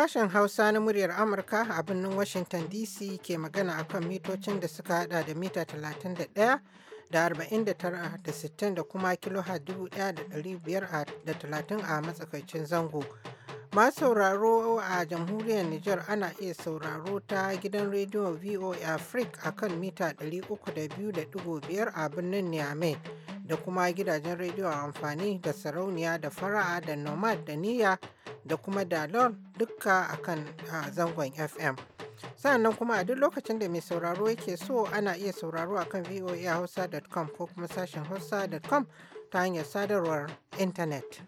Sashen Hausa na muryar Amurka a birnin Washington DC ke magana akan mitocin da suka hada da mita 31 da 49 da 60 da kuma kilohertz 1530 a matsakaicin zango. Ma sauraro a jamhuriyar Nijar ana iya sauraro ta gidan rediyo VOA Africa akan mita 302.5 a birnin Niamey da kuma gidajen rediyo a amfani da sarauniya da fara'a da nomad da niyya da kuma dalol dukka akan zangon fm sannan kuma a duk lokacin da mai sauraro yake so ana iya sauraro akan voahausa.com ko kuma sashen hausa.com ta hanyar sadarwar intanet.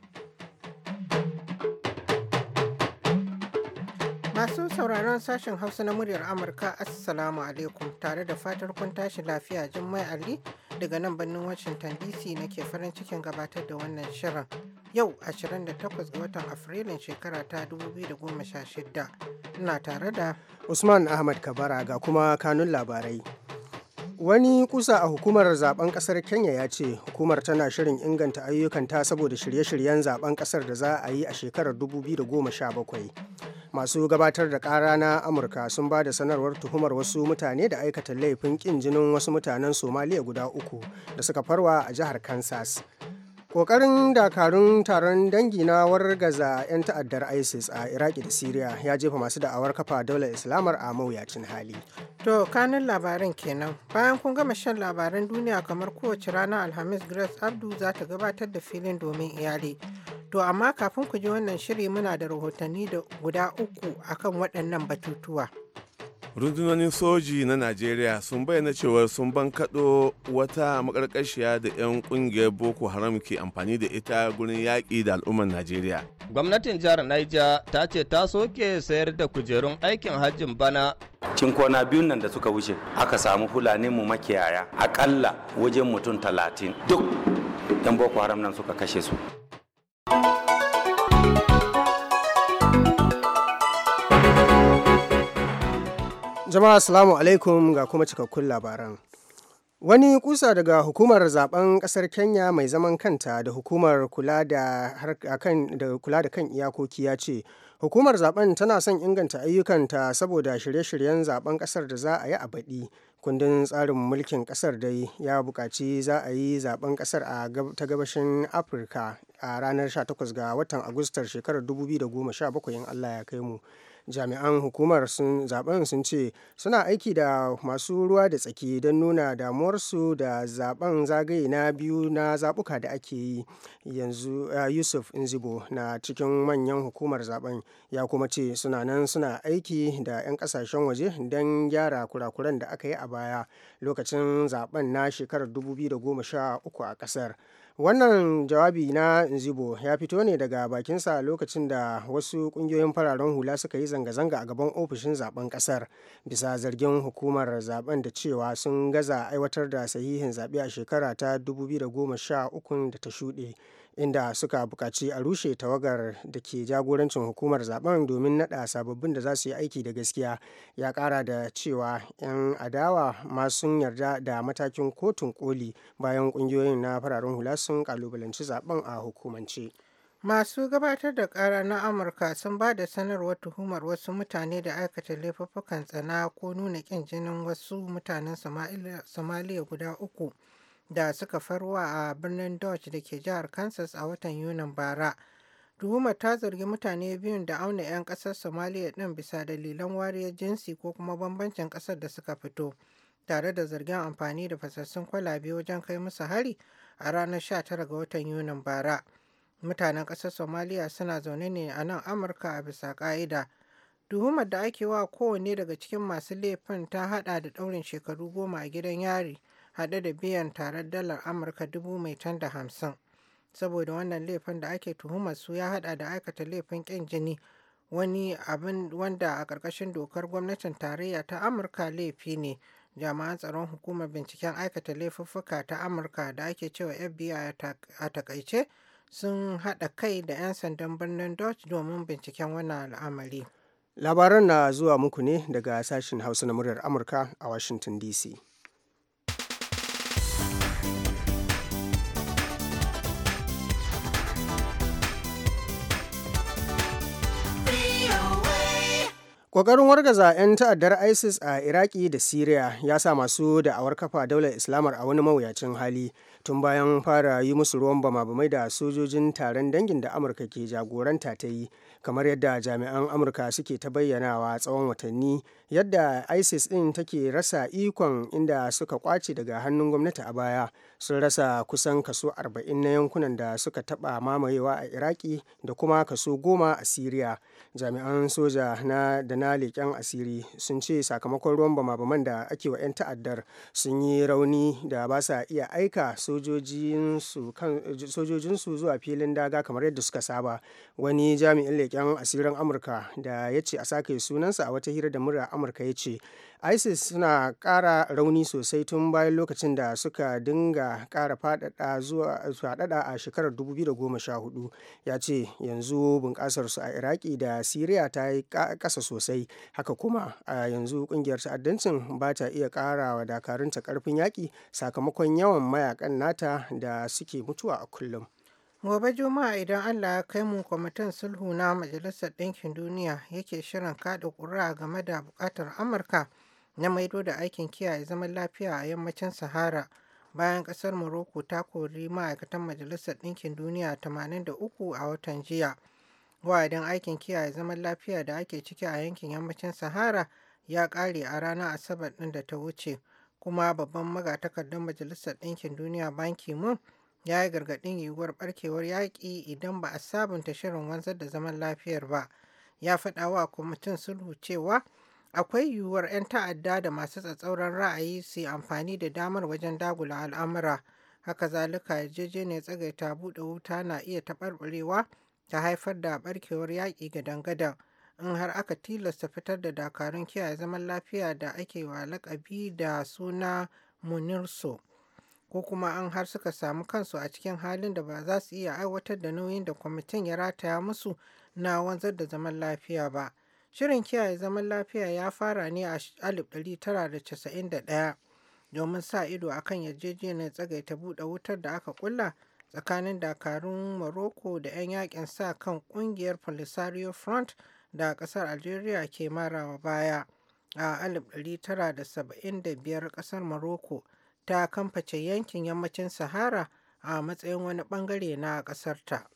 Masu sauraron sashen Hausa na muryar Amurka Assalamu alaikum tare da fatar kun tashi lafiya Jummai Ali daga nan birnin Washington DC nake farin cikin gabatar da wannan shirin. Yau 28 ga watan Afrilun shekara ta 2016 ina tare da Usman Ahmad Kabara ga kuma kanun labarai. Wani kusa a hukumar zaben kasar Kenya ya ce hukumar tana shirin inganta ayyukanta saboda shirye-shiryen zaben kasar da za a yi a shekarar 2017. Masu gabatar da kara na Amurka sun ba da sanarwar tuhumar wasu mutane da aikata laifin kin jinin wasu mutanen Somaliya guda uku da suka farwa a jihar Kansas. Ƙoƙarin dakarun taron dangi na wargaza 'yan ta'addar ISIS a Iraki da Syria, ya jefa masu da'awar kafa daular Islamar a mawuyacin hali. To, kanin labaran kenan. Bayan kun gama shan labaran duniya kamar kowace rana Alhamis Grace Abdu za ta gabatar da filin domin iyali. To, amma kafin ku ji wannan shiri muna da rahotanni da guda uku akan waɗannan batutuwa. rundunonin soji na najeriya sun bayyana cewa sun bankaɗo wata makarkashiya da 'yan ƙungiyar boko haram ke amfani da ita gurin yaƙi da al'ummar najeriya gwamnatin jihar niger ta ce ta soke sayar da kujerun aikin hajjin bana cin kwana biyun nan da suka wuce aka samu fulani mu makiyaya akalla wajen mutum talatin duk 'yan boko haram nan suka kashe su Jama'a salamu alaikum ga kuma cikakkun labaran. Wani kusa daga hukumar zaben kasar Kenya mai zaman kanta da hukumar kula da kula da kan iyakoki ya ce hukumar zaben tana son inganta ayyukanta saboda shirye-shiryen zaben kasar da za a yi a baɗi. kundin tsarin mulkin kasar dai ya buƙaci za a yi zaben kasar a ta gabashin afirka a ranar 18 ga watan agustar shekarar 2017 in allah ya kai mu jami'an hukumar sun zaben sun ce suna aiki da masu ruwa da tsaki don nuna damuwarsu da zaben zagaye na biyu na zabuka da ake yi yanzu eh, yusuf inzibo na cikin manyan hukumar zaben ya kuma ce suna nan suna aiki da 'yan kasashen waje don gyara kurakuran da aka yi a baya lokacin zaben na shekarar 2013 a kasar wannan jawabi na nzibo ya fito ne daga bakinsa lokacin da wasu kungiyoyin fararen hula suka yi zanga-zanga a gaban ofishin zaben kasar bisa zargin hukumar zaben da cewa sun gaza aiwatar da sahihin zaɓe a shekara ta 2013 da ta shuɗe inda suka bukaci a rushe tawagar da ke jagorancin hukumar zaben domin naɗa sababbin da za su yi aiki da gaskiya ya kara da cewa 'yan adawa ma sun yarda da matakin kotun koli bayan ƙungiyoyin na fararen hula sun ƙalubalanci zaben a hukumance. Masu gabatar da kara na Amurka sun ba da sanarwar tuhumar wasu mutane da aikata laifuffukan tsana ko nuna ƙin jinin wasu mutanen Somalia guda uku da suka farwa a birnin Dodge da ke jihar Kansas a watan Yunin bara. Tuhumar ta zargi mutane biyun da auna 'yan ƙasar Somaliya ɗin bisa dalilan wariyar jinsi ko kuma bambancin ƙasar da suka fito, tare da zargin amfani da fasassun kwalabe wajen kai musu hari a ranar 19 ga watan Yunin bara. Mutanen ƙasar Somaliya suna zaune ne a nan Amurka a bisa ƙa'ida. Tuhumar da ake wa kowane daga cikin masu laifin ta haɗa da ɗaurin shekaru goma a gidan yari. haɗe da biyan tarar dalar Amurka dubu mai can da hamsin. Saboda wannan laifin da ake tuhumar su ya haɗa da aikata laifin ƙin jini wani abin wanda a ƙarƙashin dokar gwamnatin tarayya ta Amurka laifi ne. Jami'an tsaron hukumar binciken aikata laifuffuka ta Amurka da ake cewa FBI a takaice sun haɗa kai da 'yan sandan birnin Doch domin binciken wannan al'amari. Labaran na zuwa muku ne daga sashen Hausa na muryar Amurka a Washington DC. Ƙoƙarin wargaza 'yan ta'addar ISIS a Iraki da Siriya ya sa masu da'awar kafa daular Islamar a wani mawuyacin hali tun bayan fara yi musu ruwan bama-bamai da sojojin taron dangin da Amurka ke jagoranta ta yi, kamar yadda jami'an Amurka suke ta bayyanawa tsawon watanni yadda ISIS ɗin take rasa ikon inda suka kwace daga hannun gwamnati a baya. sun rasa kusan kaso 40 na yankunan da suka taɓa mamayewa a iraki da kuma kaso goma a siriya jami'an soja na da na leƙen asiri sun ce sakamakon ruwan bama-baman da ake wa 'yan ta'addar sun yi rauni da ba sa iya aika sojojinsu zuwa filin daga kamar yadda suka saba wani jami'in leƙen asirin amurka da ya ce a sake sunansa a wata hira da murya amurka ya ce isis suna kara rauni sosai tun bayan lokacin da suka dinga kara fadada zuwa fadada a shekarar 2014 ya ce yanzu bunƙasarsu a iraki da siriya ta yi ƙasa sosai haka kuma a yanzu ƙungiyar ta'addancin ba ta iya kara wa dakarunta karfin yaki sakamakon yawan mayakan nata da suke mutuwa a kullum gobe juma'a idan allah ya kai mu kwamitin sulhu na majalisar ɗinkin duniya yake shirin kaɗa ƙuri'a game da buƙatar amurka na maido da aikin kiyaye zaman lafiya a yammacin Sahara bayan ƙasar Morocco ta kori ma'aikatan Majalisar Ɗinkin Duniya 83 a watan jiya. Wa'adin aikin kiyaye zaman lafiya da ake ciki a yankin yammacin Sahara ya ƙare a ranar Asabar ɗin da ta wuce, kuma babban magatakardar Majalisar Ɗinkin Duniya Banki Ki-moon ya yi gargaɗin yiwuwar barkewar yaƙi idan ba a sabunta shirin wanzar da zaman lafiyar ba. Ya faɗawa wa kwamitin sulhu cewa akwai yiwuwar 'yan ta'adda da masu tsatsauran ra'ayi su yi amfani da damar wajen dagula al'amura haka zalika yarjejeniyar tsagaita buɗe wuta na iya taɓarɓarewa ta haifar da barkewar yaƙi ga dangadan in har aka tilasta fitar da dakarun kiyaye zaman lafiya da ake wa lakabi da suna munirso ko kuma an har suka samu kansu a cikin halin da ba za su iya aiwatar da nauyin da kwamitin ya rataya musu na wanzar da zaman lafiya ba Shirin kiyaye zaman lafiya ya fara ne a 1991 domin sa ido a kan yarjejeniyar tsagaita buɗe wutar da aka kulla tsakanin dakarun Morocco da 'yan yakin sa kan kungiyar Polisario Front da ƙasar Algeria ke marawa baya. A 1975 ƙasar Morocco ta kamface yankin yammacin Sahara a matsayin wani bangare na ƙasarta.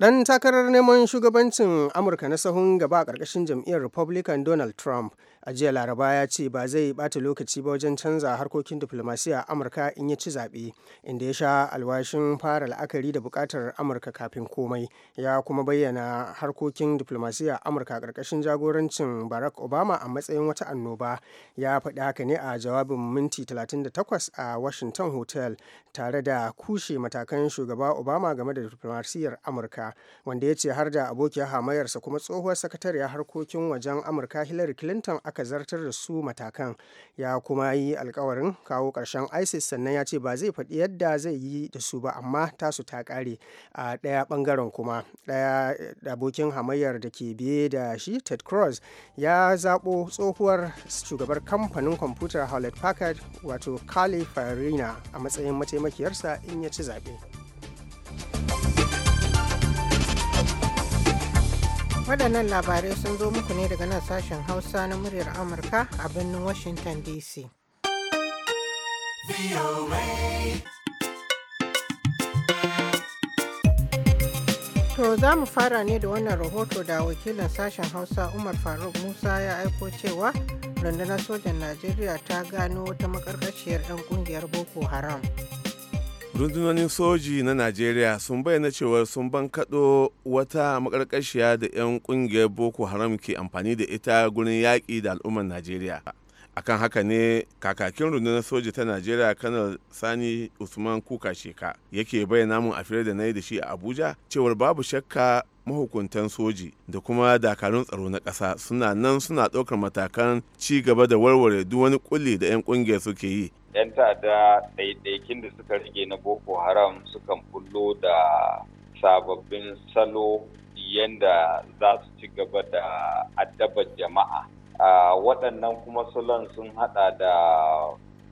Ɗan takarar neman shugabancin Amurka na sahun gaba a ƙarƙashin jam'iyyar Republican Donald Trump a jiya laraba ya ce ba zai bata lokaci ba wajen canza harkokin diflomasiyya amurka in ya ci zaɓe inda ya sha alwashin fara la'akari da buƙatar amurka kafin komai ya kuma bayyana harkokin diflomasiyya amurka ƙarƙashin jagorancin barack obama a matsayin wata annoba ya faɗi haka ne a jawabin minti 38 a washington hotel tare da kushe matakan shugaba obama game da diflomasiyyar amurka wanda ya ce har da abokiyar hamayarsa kuma tsohuwar sakatariyar harkokin wajen amurka hillary clinton aka aka zartar da su matakan ya kuma yi alkawarin kawo ƙarshen isis sannan ya ce ba zai faɗi yadda zai yi da su ba amma tasu ta ƙare a ɗaya ɓangaren kuma ɗaya abokin hamayyar da ke biye da shi ted cross ya zaɓo tsohuwar shugabar kamfanin kwamfutar hewlett packard wato kale farina a matsayin mataimakiyarsa in ya ci zaɓe. waɗannan labarai sun zo muku ne daga nan sashen hausa na muryar amurka a birnin washington dc To za mu fara ne da wannan rahoto da wakilin sashen Hausa Umar Faruk Musa ya aiko cewa rundunar sojan Najeriya ta gano wata makarkashiyar 'yan kungiyar Boko Haram. rundunonin soji na najeriya sun bayyana cewar sun bankaɗo wata makarkashiya da 'yan ƙungiyar boko haram ke amfani da ita gurin yaƙi da al'ummar najeriya akan haka ne kakakin rundunar soji ta najeriya kanar sani usman kuka sheka yake bayyana mun a fiye da na yi da shi a abuja cewar babu shakka mahukuntan soji da kuma dakarun tsaro na ƙasa suna nan suna ɗaukar matakan ci gaba da warware duk wani kulle da 'yan ƙungiyar suke yi 'yan ta'adda ɗaiɗaikin da suka rage na boko haram sukan bullo da sababbin salo yadda za su ci gaba da addabar jama'a waɗannan kuma salon sun haɗa da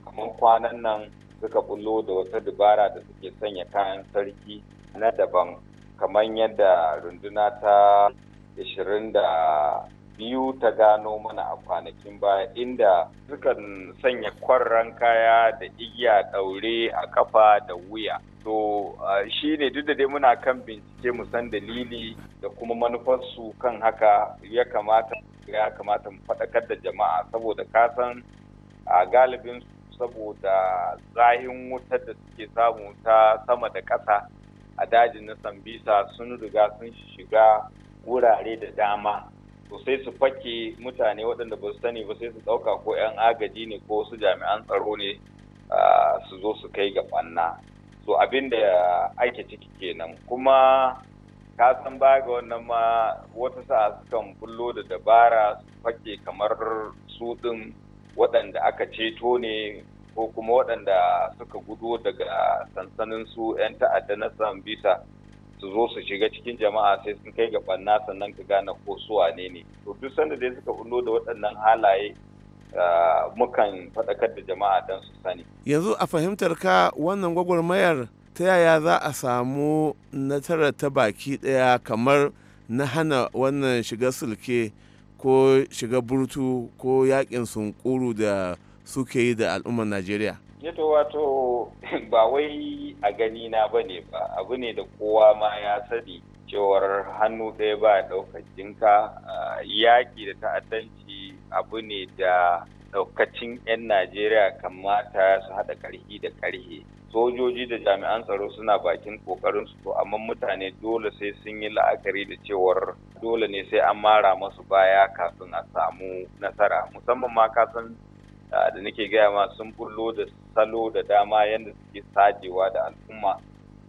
kamar kwanan nan suka bullo da wata dubara da suke sanya kayan sarki na daban kamar yadda runduna ta biyu ta gano mana a kwanakin baya inda sukan sanya kwarran kaya da igiya daure a kafa da wuya to shi ne duk da dai muna kan bincike mu san dalili da kuma manufarsu kan haka ya kamata ya kamata mu faɗakar da jama'a saboda kasan a galibin saboda zahin wutar da suke samu ta sama da ƙasa a dajin na sambisa sun riga sun shiga wurare da dama to sai su fake mutane waɗanda ba su sani ba sai su ɗauka ko 'yan agaji ne ko su jami'an tsaro ne su zo su kai ga ɓanna so abin da ake ciki kenan kuma ka san ba ga wannan ma wata sa'a sukan kullo da dabara su fake kamar su ɗin waɗanda aka ceto ne ko kuma waɗanda suka gudo daga sansanin su 'yan ta'adda na san bisa su zo su shiga cikin jama'a sai sun kai ga ɓanna sannan ka gane ko su wane ne to duk sanda dai suka bullo da waɗannan halaye ah, mukan faɗakar da jama'a don su sani yanzu a fahimtar ka wannan gwagwarmayar ta yaya za a samu nasarar ta baki ɗaya kamar na hana wannan shiga sulke ko shiga burtu ko yakin sunkuru da suke yi da al'ummar najeriya Eh to wato ba wai a gani na ba ne ba abu ne da kowa ma ya sani cewar hannu ɗaya ba ɗaukar jinka yaƙi da ta'addanci abu ne da ɗaukacin 'yan najeriya kamata su haɗa ƙarfi da ƙarfe sojoji da jami'an tsaro suna bakin ƙoƙarin su to amma mutane dole sai sun yi la'akari da cewar dole ne sai an mara masu baya kafin a samu nasara musamman ma ka san Ah, da nake gaya ma sun bullo da salo da dama yadda suke sajewa da al'umma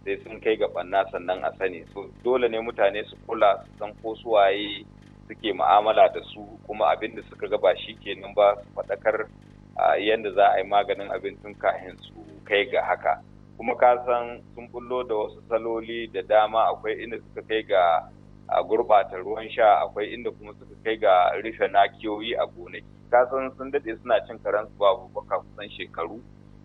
sai sun kai ga banna sannan a sani so dole ne mutane su kula su san ko su waye suke mu'amala da su kuma abin da suka gaba shi kenan ba su faɗakar ah, yadda za a yi maganin abin tun kahin su kai ga haka kuma ka san sun bullo da wasu saloli da dama akwai inda suka kai ga ah, gurɓata ruwan sha akwai inda kuma suka kai ga rufe nakiyoyi a gonaki kasan sun daɗe suna cin karensu babu baka kusan shekaru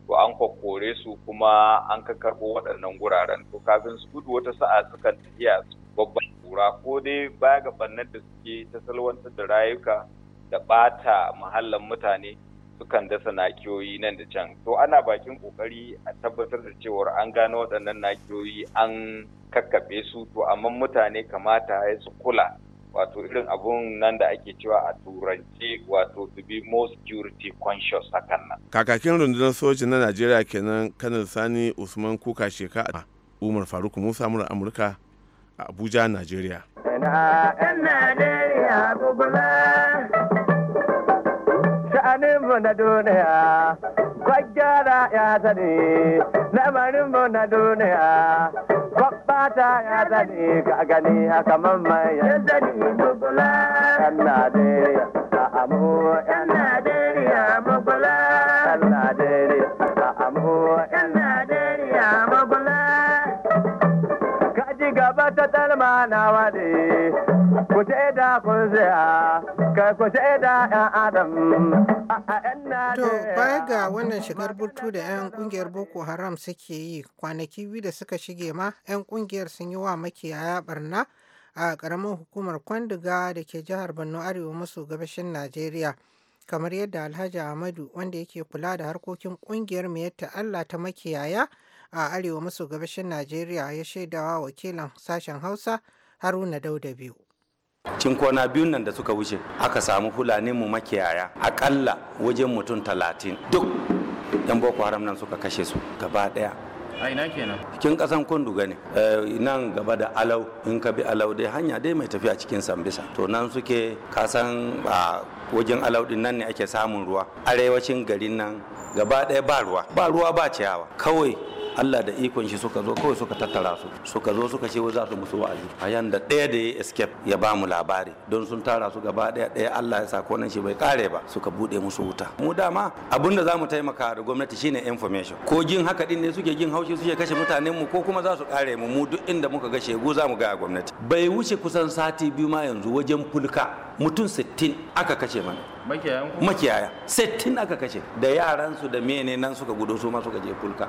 to an kokore su kuma an ka karɓo waɗannan guraren to kafin su gudu wata sa'a sukan tafiya babban kura ko dai baya ga bannan da suke ta salwantar da rayuka da ɓata muhallin mutane sukan dasa nakiyoyi nan da can to ana bakin kokari a tabbatar da cewar an gano waɗannan nakiyoyi an kakkaɓe su to amma mutane kamata ya su kula wato irin abun nan da ake cewa a turanci, wato to be more security conscious hakan nan kakakin rundunar sojin na najeriya kenan kanin sani usman kuka sheka umar faruk musa mura amurka a abuja najeriya sha'aninmu na duniya kwaggara ya sani lamarinmu na duniya fata ya zane ga gani haka mamma ya zane bubula yan Najeriya a amu yan Najeriya bubula yan Najeriya a amu yan Najeriya bubula ka ji gaba ta dalma na wade ku ce da kun zai To baya ga wannan shigar burtu da 'yan kungiyar Boko Haram suke yi kwanaki biyu da suka shige ma 'yan kungiyar sun yi wa makiyaya barna a ƙaramin hukumar kwandiga da ke jihar Borno Arewa maso gabashin Najeriya. Kamar yadda Alhaji Ahmadu wanda yake kula da harkokin kungiyar Miyatta Allah ta makiyaya a Arewa maso gabashin Najeriya ya shaidawa wakilan sashen Hausa Haruna Dauda biyu. kwana biyun nan da suka wuce aka samu fulani mu makiyaya akalla wajen mutum talatin duk yan boko haram nan suka kashe su gaba daya a ina kenan cikin kasan kundu gani. Eh, nan gaba da alau in ka bi alau dai hanya dai mai tafiya cikin sambisa to nan suke kasan a wajen alau din nan ne ake samun ruwa arewacin garin nan gaba daya ba ruwa ba ruwa ba ciyawa kawai Allah da ikon shi suka zo kawai suka tattara su suka zo suka ce za su musu wa'azi a yanda ɗaya da ya escape ya ba mu labari don sun tara su gaba ɗaya ɗaya Allah ya sako nan shi bai kare ba suka buɗe musu wuta mu dama abinda za mu taimaka da gwamnati shine information ko jin haka din ne suke jin haushi suke kashe mutanen mu ko kuma za su kare mu mu duk inda muka ga shegu za mu ga gwamnati bai wuce kusan sati biyu ma yanzu wajen fulka mutum 60 aka kashe mana makiyaya 60 aka kashe da yaransu da menene nan suka gudo su ma suka je fulka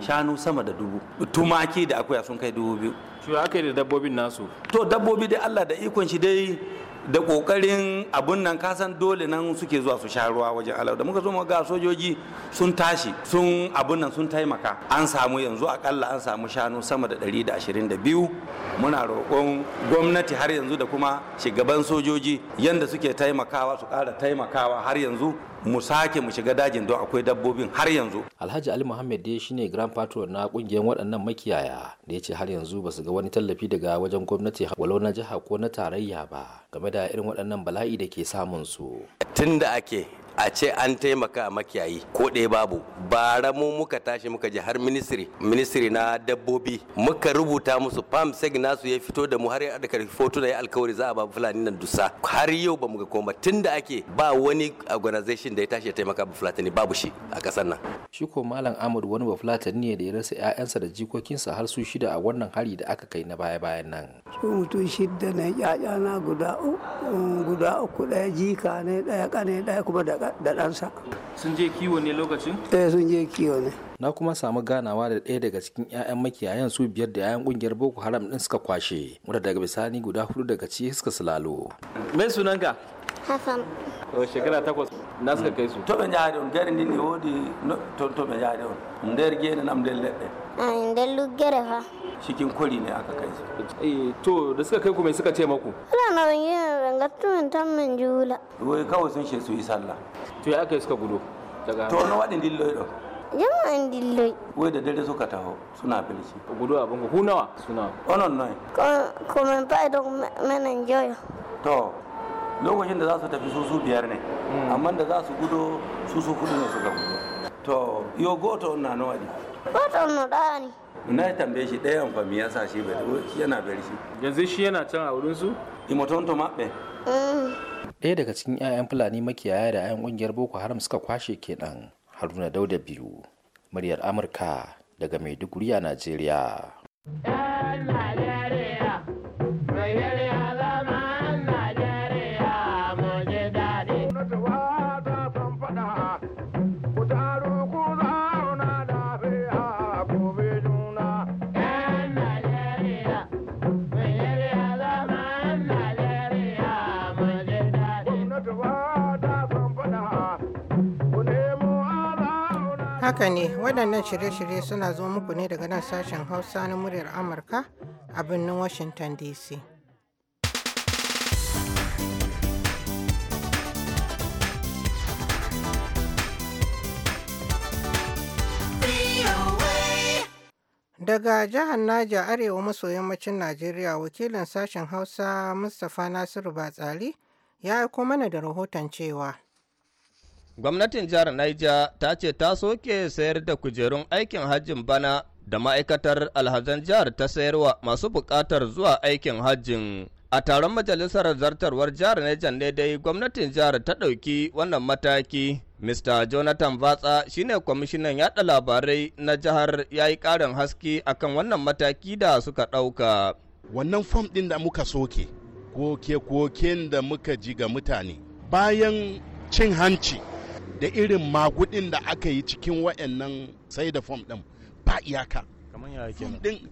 shanu sama da dubu tumaki da akuya sun kai dubu biyu shi aka yi da dabbobin nasu to dabbobi dai Allah da ikon shi dai da kokarin abun nan kasan dole nan suke zuwa su sha ruwa wajen alau da muka zo ga sojoji sun tashi sun abun nan sun taimaka an samu yanzu akalla an samu shanu sama da 122 muna roƙon gwamnati har yanzu da kuma shugaban sojoji yanda suke taimakawa su ƙara taimakawa har yanzu mu sake mu shiga dajin don akwai dabbobin har yanzu. Alhaji Ali Muhammad dai shine Grand Patron na kungiyar waɗannan makiyaya da ya ce har yanzu ba su ga wani tallafi daga wajen gwamnati walau na jiha ko na tarayya ba game da irin waɗannan bala'i da ke samun su. Tun da ake a ce an taimaka a makiyayi ko ɗaya babu bara mu muka tashi muka ji har ministry ministry na dabbobi muka rubuta musu fam seg nasu ya fito da mu har ya daga fotuna ya alkawari za a ba fulani nan dusa har yau ba mu ga koma tunda ake ba wani organization da ya tashi taimaka ba fulatani babu shi a kasar nan shi ko malam amadu wani ba fulatani ne da ya rasa ƴaƴansa da jikokinsa har su shida a wannan hari da aka kai na baya bayan nan su mutum shida na ƴaƴana guda guda uku ɗaya jika ne ɗaya ƙane ɗaya kuma da da ɗansa sun je kiwo ne lokacin eh sun je kiwo ne na kuma samu ganawa da ɗaya daga cikin 'ya'yan makiyayan su biyar da 'ya'yan ƙungiyar boko haram ɗin suka kwashe wanda daga bisani guda hudu daga ci suka sulalo sunan ka? Hassan. To shekara takwas na suka kai su. To ben jaade on gari ndin ne wodi to to ben jaade on. Nder gene nam del ledde. Ah nder luggere fa. cikin kwari ne aka kai su eh, to da suka kai ku mai suka ce maku ina na yin rangatun min jula wai kawai sun she su yi sallah to ya aka yi suka gudu daga to na dilloi dilloyi do jama'an dilloi. wai da dare suka taho suna filci. gudu abin ku nawa suna onon nai kuma ba da manan joya. to lokacin da za su tafi su su biyar ne hmm. amma da za su gudo su su kudu ne suka gudu? to yo goto na nawa ne goto na ɗani? ne na ya tambaye shi ɗayan fa me yasa shi bai shi yana bari shi yanzu shi yana can a wurin su imotonto maɓe ɗaya daga cikin 'ya'yan fulani makiyaya da 'ya'yan ƙungiyar boko haram suka kwashe kenan haruna dauda biyu muryar amurka daga maiduguri a najeriya Haka ne waɗannan shirye-shirye suna zo muku ne daga nan sashen Hausa na muryar Amurka a birnin Washington DC. Daga jihar Naja arewa maso yammacin Najeriya wakilin sashen Hausa Mustapha Nasiru Batsali ya aiko mana da rahoton cewa Gwamnatin jihar Niger ta ce ta soke sayar da kujerun aikin hajjin bana da ma'aikatar alhazan jihar ta sayarwa masu bukatar zuwa aikin hajjin. A taron majalisar zartarwar jihar Niger ne dai gwamnatin jihar ta ɗauki wannan mataki. Mr. Jonathan shi shine kwamishinan yaɗa labarai na jihar ya yi ƙarin haske akan wannan mataki da suka ɗauka. Wannan fom ɗin da muka soke, koke-koken da muka ji ga mutane bayan cin hanci da irin magudin da aka yi cikin wa'annan sai da fom ɗin ba iyaka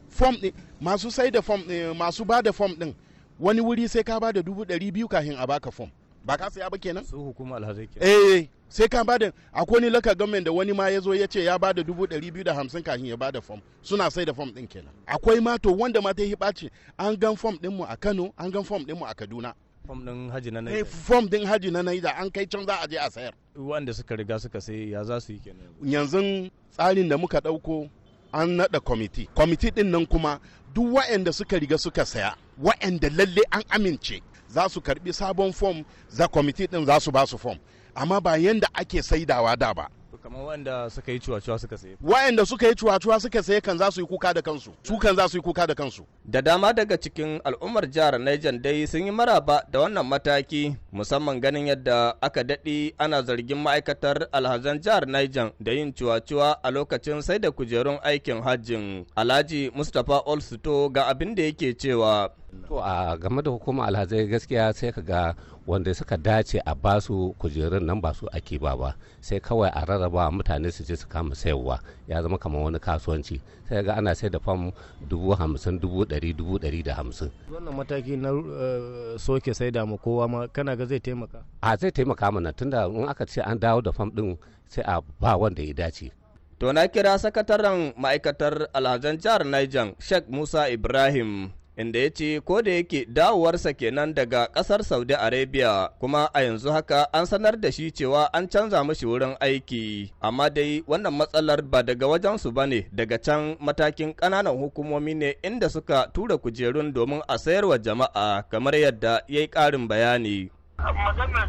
fom ɗin masu sai da fom ɗin eh, masu ba da fom ɗin wani wuri sai ka ba da dubu ɗari biyu kafin a baka fom ba ka saya ba kenan su hukuma alhazai kenan eh, eh sai ka ba da akwai ni laka government da wani ma ya zo ya ce ya ba da dubu ɗari biyu da hamsin kafin ya ba da fom suna sai da fom ɗin kenan akwai ma to wanda ma ta yi ɓaci an gan fom ɗinmu a kano an gan fom ɗinmu a kaduna fom din haji na eh, naida fom din haji na naida an kai can za a je a sayar wanda suka riga suka sai ya za su yi kenan yanzu tsarin da muka dauko an nada kwamiti kwamiti din nan kuma duk wa'anda suka riga suka saya wa'anda lalle an amince za su karbi sabon fom za kwamiti din za su ba su fom amma ba yanda ake saidawa da ba kamar wanda suka yi cuwa suka saye wa'anda suka yi cuwa suka saye kan za su yi kuka da kansu su kan za su yi kuka da kansu da dama daga cikin al'ummar jihar Niger dai sun yi maraba da wannan mataki musamman ganin yadda aka daɗe ana zargin ma'aikatar alhazan jihar Niger da yin cuwa a lokacin sai da kujerun aikin hajjin Alhaji Mustapha Olsuto ga abin da yake cewa To a game da hukumar alhazai gaskiya sai ka ga wanda suka dace a basu kujerun nan ba su ake ba ba sai kawai a rarraba mutane su je su kama sayarwa ya zama kamar wani kasuwanci sai ga ana sai da fam dubu hamsin dubu dari dubu dari da hamsin. Wannan mataki na eh, soke sai da kowa ma kana ga zai taimaka? A zai taimaka mana tunda in aka ce an dawo da fam din sai a ba wanda ya dace. To na kira sakataren ma'aikatar alhazan jihar Niger Sheikh Musa Ibrahim inda ya ce ko da yake dawowarsa kenan daga kasar saudi arabia kuma a yanzu haka an sanar da shi cewa an canza mashi wurin aiki amma dai wannan matsalar ba daga wajensu ba ne daga can matakin ƙananan hukumomi ne inda suka tura kujerun domin a sayarwa jama'a kamar yadda ya yi ƙarin bayani maganar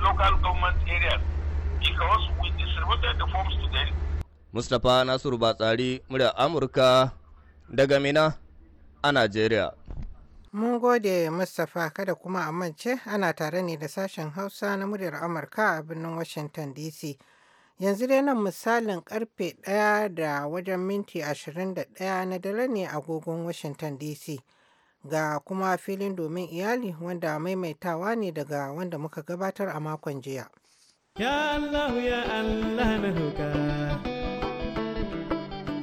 local government because we distributed the forms to them Mustapha Nasiru Batsari murya Amurka daga Mina a Najeriya. Mun gode Mustapha kada kuma a mance ana tare ne da sashen Hausa na muryar Amurka a birnin Washington DC. Yanzu dai nan misalin karfe ɗaya da wajen minti 21 na dare ne a agogon Washington DC. Ga kuma filin domin iyali wanda maimaitawa ne daga wanda muka gabatar a makon jiya. Ya Allah ya Allah na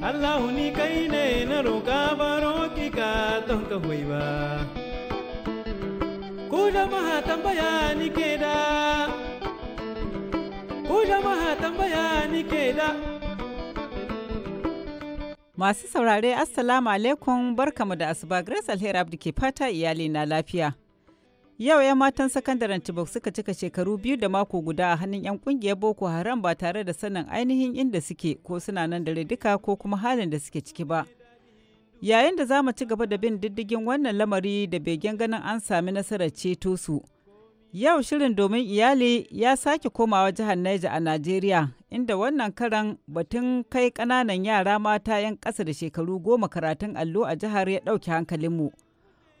Allah ni kai ne na roƙa baro ka don ka ba. tambaya ni ke Masu saurare, Assalamu alaikum barkamu da asuba Grace Alheri Abdi ke fata iyali na lafiya. Yau 'yan matan sakandaren tibok suka cika shekaru biyu da mako guda a hannun 'yan kungiyar Boko Haram ba tare da sanin ainihin inda suke ko suna nan dare duka ko kuma halin da suke ciki ba. Yayin da za mu ci gaba da bin diddigin wannan lamari da begen ganin an sami nasarar ceto su. Yau shirin domin iyali ya sake komawa jihar Niger a Najeriya inda wannan karan batun kai ƙananan yara mata 'yan ƙasa da shekaru goma karatun allo a jihar ya ɗauke hankalinmu. mu.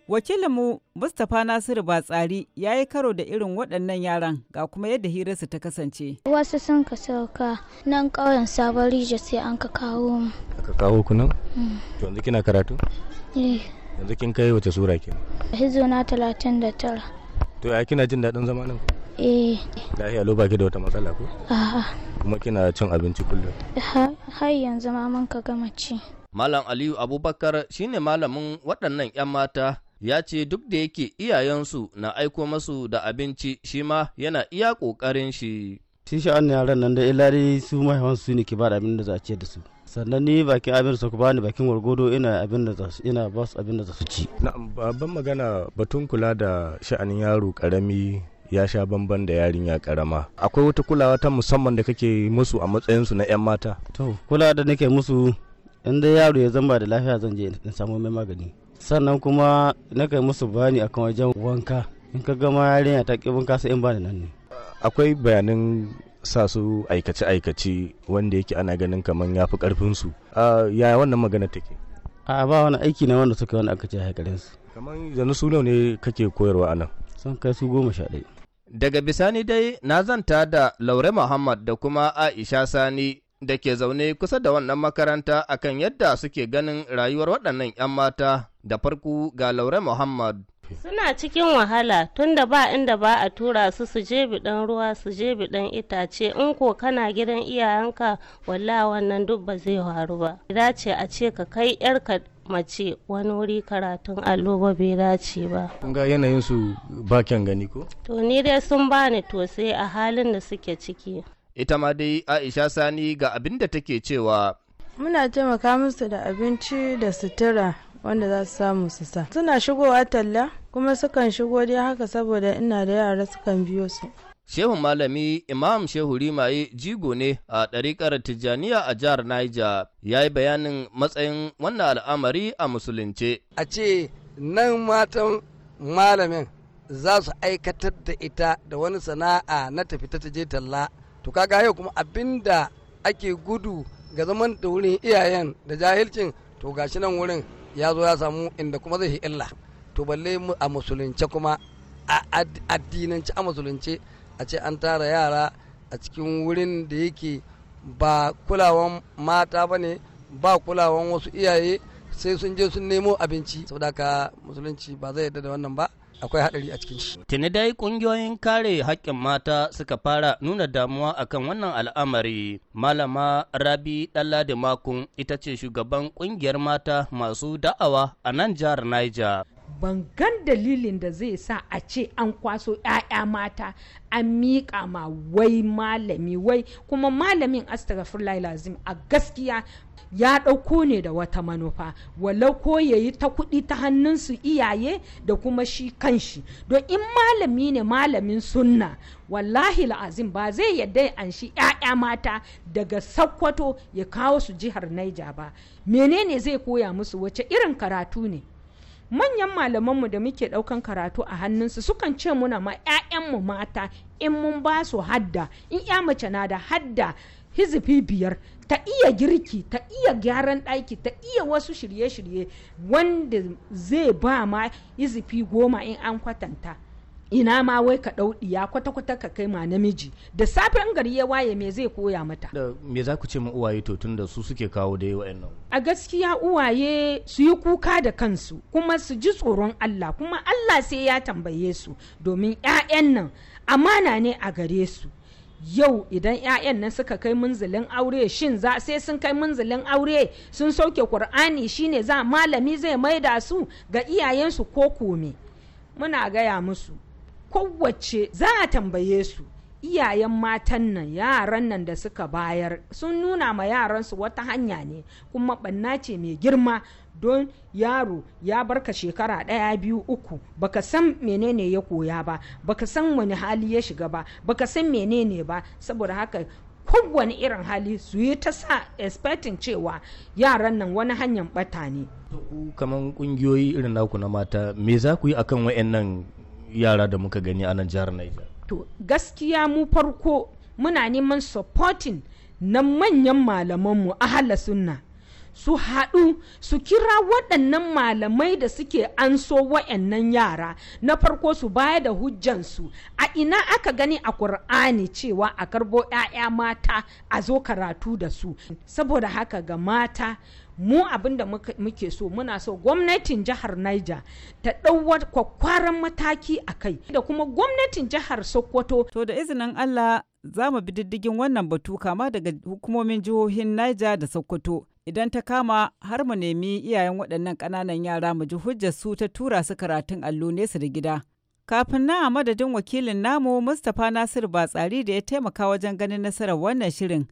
Wakilinmu Mustapha Nasiru Batsari ya yi karo da irin waɗannan yaran ga kuma yadda hirarsu ta kasance. Wasu sun ka sauka nan ƙauyen sabon rija sai an ka kawo mu. Ka kawo ku nan? Mm. To yanzu kina karatu? Eh. Yanzu kin kai wace sura ke? Hizo na talatin da tara. To ya kina jin daɗin zama nan? Eh. Lahiya lo baki da wata matsala ko? A'a. Kuma kina cin abinci kullum? Har yanzu ma mun ka gama ci. Malam Aliyu Abubakar shine malamin waɗannan 'yan mata ya ce duk da yake iyayensu na aiko masu da abinci shi ma yana iya ƙoƙarin shi. Shi sha'an yaran nan da ilari su mahaifansu su ne ke ba da abin da za a ce da su. sannan ni bakin abin da su ni bakin wargodo ina abin da ina ba su abin da su ci na'am babban magana batun kula da sha'anin yaro karami ya sha bamban da yarinya karama akwai wata kulawa ta musamman da kake musu a matsayin su na yan mata to kula da nake musu in dai yaro ya zamba da lafiya zan je in samu mai magani sannan kuma na kai musu a kan wajen wanka in ka gama yarinya ta kibin kasa in bani. nan ne akwai bayanin sa su aikace-aikace wanda yake ana ganin kamar ya fi karfinsu yaya wannan magana take a ba wani aiki na wanda suka wani aka ce su. kamar yanzu su ne kake koyarwa anan sun kai su goma sha ɗaya daga bisani dai na zanta da laure muhammad da kuma aisha sani da ke zaune kusa da wannan makaranta akan yadda suke ganin rayuwar waɗannan 'yan mata Da farko ga Laure Muhammad. Suna cikin wahala tunda ba inda ba a tura su su je bidan ruwa su je bidan itace in ko kana gidan iyayenka walla wannan duk ba zai faru ba. ce a ce ka kai yarka mace wani wuri karatun allo ba bai dace ba. ga yanayin su ba gani ko? To ni dai sun bani to sai a halin da suke ciki. Ita ma dai Aisha Sani ga abin take cewa. Muna taimaka musu da abinci da sutura wanda za su samu su sa suna shigowa talla kuma sukan shigo dai haka saboda ina da yara sukan biyo su Shehu Malami Imam Shehu Rimaye jigo ne a ɗariƙar Tijjaniya a jihar Niger ya yi bayanin matsayin wannan al'amari a musulunce. A ce nan matan malamin za su aikatar da ita da wani sana'a na tafi ta je talla. To kaga yau kuma abinda ake gudu ga zaman da wurin iyayen da jahilcin to gashi nan wurin ya zo ya samu inda kuma zai illa to balle a musulunce kuma a addinance a musulunce a ce an tara yara a cikin wurin da yake ba kulawan mata ba ne ba kulawan wasu iyaye sai sun je sun nemo abinci saboda haka musulunci ba zai yarda da wannan ba akwai haɗari a cikin shi. Tuni dai ƙungiyoyin kare haƙƙin mata suka fara nuna damuwa akan wannan al'amari. Malama Rabi da Makun ita ce shugaban ƙungiyar mata masu da'awa a nan jihar Niger. ban gan dalilin da zai sa a ce an kwaso 'ya'ya mata an miƙa ma wai malami wai kuma malamin astaghfirullah lazim a gaskiya ya ɗauko ne da wata manufa walau ko ya yi ta kuɗi ta hannun su iyaye da kuma shi kanshi don in malami ne malamin sunna wallahi la'azim ba zai yadda an shi 'ya'ya mata daga sakkwato ya kawo su jihar naija ba menene zai koya musu wace irin karatu ne manyan malamanmu da muke ɗaukan karatu a hannunsu sukan ce muna ma 'ya'yanmu mata in mun ba su hadda in 'ya mace na da hadda hizifi biyar ta iya girki ta iya gyaran ɗaki ta iya wasu shirye-shirye wanda zai ba ma hizifi goma in an kwatanta ina ma wai ka ɗau ɗiya kwata-kwata ka kai ma namiji da safen gari ya waye me zai koya mata da me za ku ce ma uwaye to tun da su suke kawo da yawa nan a gaskiya uwaye su yi kuka da kansu kuma su ji tsoron Allah kuma Allah sai ya tambaye su domin 'ya'yan nan amana ne a gare su yau idan 'ya'yan nan suka kai munzalin aure shin za sai sun kai munzalin aure sun sauke kur'ani shine za malami zai maida su ga iyayensu ko kome muna gaya musu kowace za a tambaye su iyayen matan nan yaran nan da suka bayar sun nuna ma yaran su wata hanya ne kuma ɓanna ce mai girma don yaro ya barka shekara ɗaya biyu uku baka san menene ya koya ba baka san wani hali ya shiga ba baka san menene ba saboda haka kowane irin hali su yi ta sa expecting cewa yaran nan wani hanyar bata ne kamar kungiyoyi irin naku na mata me za ku yi akan wayannan yara da muka gani a nan jihar Niger? To gaskiya mu farko muna neman supporting na manyan malamanmu a sunna. su haɗu su kira waɗannan malamai da suke anso wa'annan yara na farko su baya da hujjansu a ina aka gani a ƙur'ani cewa a karbo 'ya'ya mata a zo karatu da su saboda haka ga mata mu abinda muke so muna so gwamnatin jihar Niger ta ɗauwa kwakwaran mataki a kai da kuma gwamnatin jihar Sokoto. To da izinin Allah za mu bi diddigin wannan batu kama daga hukumomin jihohin Niger da Sokoto. idan ta kama har mu nemi iyayen waɗannan ƙananan yara mu ji hujjar su ta tura su karatun allo nesa da gida. Kafin na a madadin wakilin namu Mustapha Nasiru ba tsari da ya taimaka wajen ganin nasarar wannan shirin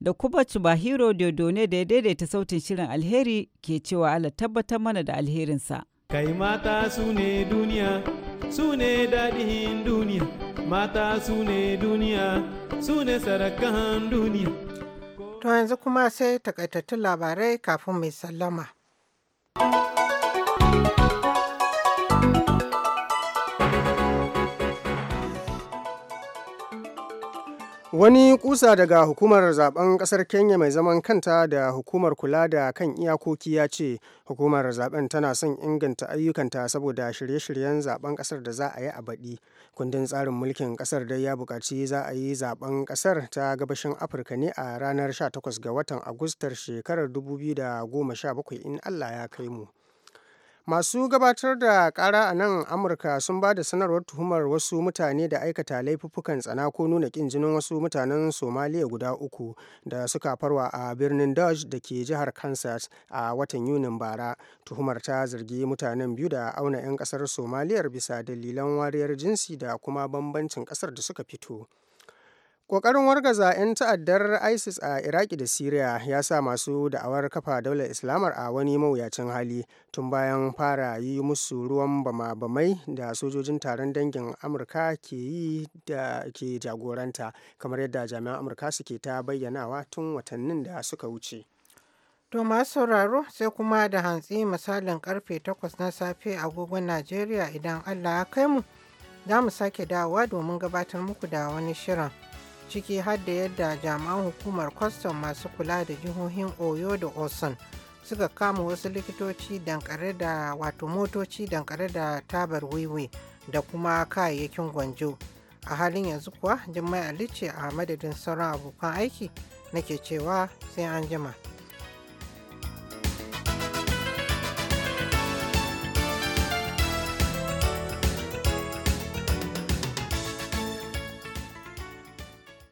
da kuma Cibahiro Dodone da ya daidaita sautin shirin alheri ke cewa Allah tabbatar mana da alherinsa. Kai mata su ne duniya, su ne daɗin duniya, mata su ne duniya, su ne sarakan duniya. To yanzu kuma sai takaitattun labarai kafin mai sallama. Wani kusa daga hukumar zaben kasar Kenya mai zaman kanta da hukumar kula da kan iyakoki ya ce hukumar zaben tana son inganta ayyukanta saboda shirye-shiryen zaben kasar da za a yi a baɗi. Kundin tsarin mulkin kasar dai ya buƙaci za a yi zaben kasar ta gabashin Afirka ne a ranar 18 ga watan Agustar shekarar 2017 in Allah ya kai mu. Masu gabatar da kara a nan Amurka sun ba da sanarwar tuhumar wasu mutane da aikata laifuffukan tsana ko nuna kin jinin wasu mutanen Somaliya guda uku da suka farwa a birnin Dodge da ke jihar Kansas a watan Yunin bara. Tuhumar ta zargi mutanen biyu da auna 'yan ƙasar Somaliyar bisa dalilan wariyar jinsi da kuma bambancin ƙasar da suka fito. Ƙoƙarin wargaza 'yan ta'addar ISIS a Iraki da Siriya ya sa masu da'awar kafa daular Islamar a wani mawuyacin hali tun bayan fara yi musu ruwan bama-bamai da sojojin taron dangin Amurka ke yi da ke jagoranta, kamar yadda jami'an Amurka suke ta bayyanawa tun watannin da suka wuce. To masu sauraro sai kuma da hantsi misalin karfe 8 na safe agogon Najeriya idan Allah ya kai mu, za mu sake dawowa domin gabatar muku da wani shirin. ciki har da yadda jami'an hukumar kwastam masu kula da jihohin oyo da osun suka kama wasu likitoci dankare da wato motoci dankare da tabar wiwi da kuma kayayyakin gwanjo a halin yanzu kuwa jimai alice a madadin sauran abokan aiki nake cewa sai an jima.